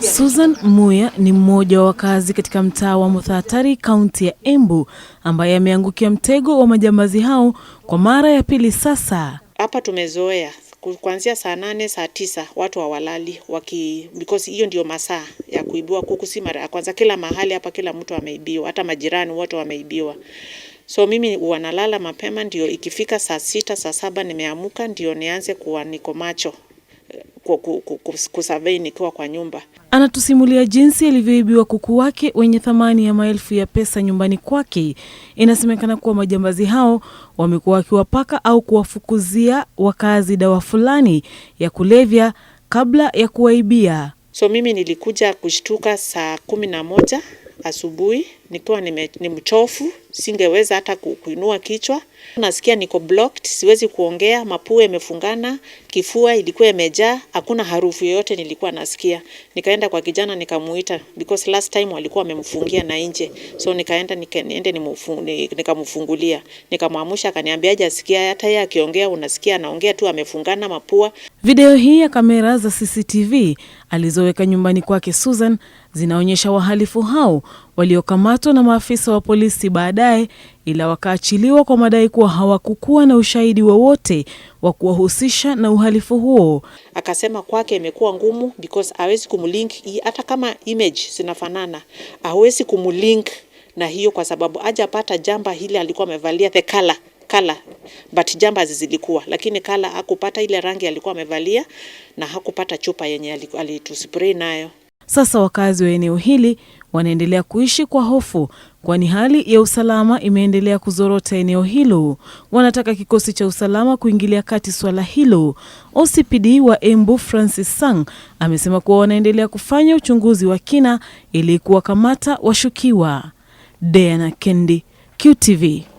Susan Muya ni mmoja wa wakazi katika mtaa wa Muthatari, kaunti ya Embu, ambaye ameangukia mtego wa majambazi hao kwa mara ya pili sasa. Hapa tumezoea kuanzia saa nane saa tisa watu hawalali waki, because hiyo ndio masaa ya kuibiwa kuku. Si mara ya kwanza, kila mahali hapa kila mtu ameibiwa, hata majirani wote wameibiwa. So mimi wanalala mapema, ndio ikifika saa sita saa saba nimeamuka, ndio nianze kuwa niko macho kusurvey nikiwa kwa nyumba. Anatusimulia jinsi alivyoibiwa kuku wake wenye thamani ya maelfu ya pesa nyumbani kwake. Inasemekana kuwa majambazi hao wamekuwa wakiwapaka au kuwafukuzia wakazi dawa fulani ya kulevya kabla ya kuwaibia. So mimi nilikuja kushtuka saa kumi na moja asubuhi nikiwa ni mchofu, singeweza hata kuinua kichwa. Nasikia niko blocked, siwezi kuongea, mapua yamefungana, kifua ilikuwa imejaa, hakuna harufu yoyote nilikuwa nasikia. Nikaenda kwa kijana nikamuita because last time walikuwa wamemfungia na nje, so nikaenda nikaende nikamfungulia, nikamwamsha, akaniambia aje, asikia hata yeye akiongea, unasikia anaongea tu amefungana mapua. Video hii ya kamera za CCTV alizoweka nyumbani kwake Susan zinaonyesha wahalifu hao waliokamatwa na maafisa wa polisi baadaye, ila wakaachiliwa kwa madai kuwa hawakukuwa na ushahidi wowote wa kuwahusisha na uhalifu huo. Akasema kwake imekuwa ngumu because hawezi kumlink, hata kama image zinafanana hawezi kumlink na hiyo, kwa sababu hajapata jamba hili alikuwa amevalia the color kala but jamba zilikuwa, lakini kala hakupata ile rangi alikuwa amevalia, na hakupata chupa yenye alituspray nayo. Sasa wakazi wa eneo hili wanaendelea kuishi kwa hofu, kwani hali ya usalama imeendelea kuzorota eneo hilo. Wanataka kikosi cha usalama kuingilia kati swala hilo. OCPD wa Embu Francis Sang amesema kuwa wanaendelea kufanya uchunguzi wa kina ili kuwakamata washukiwa. Deana Kendi, QTV.